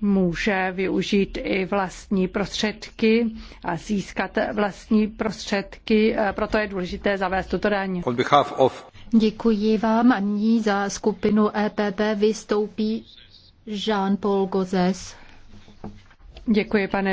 může využít i vlastní prostředky a získat vlastní prostředky, proto je důležité zavést tuto daň. Děkuji vám a nyní za skupinu EPP vystoupí Jean-Paul Gozes. Děkuji, pane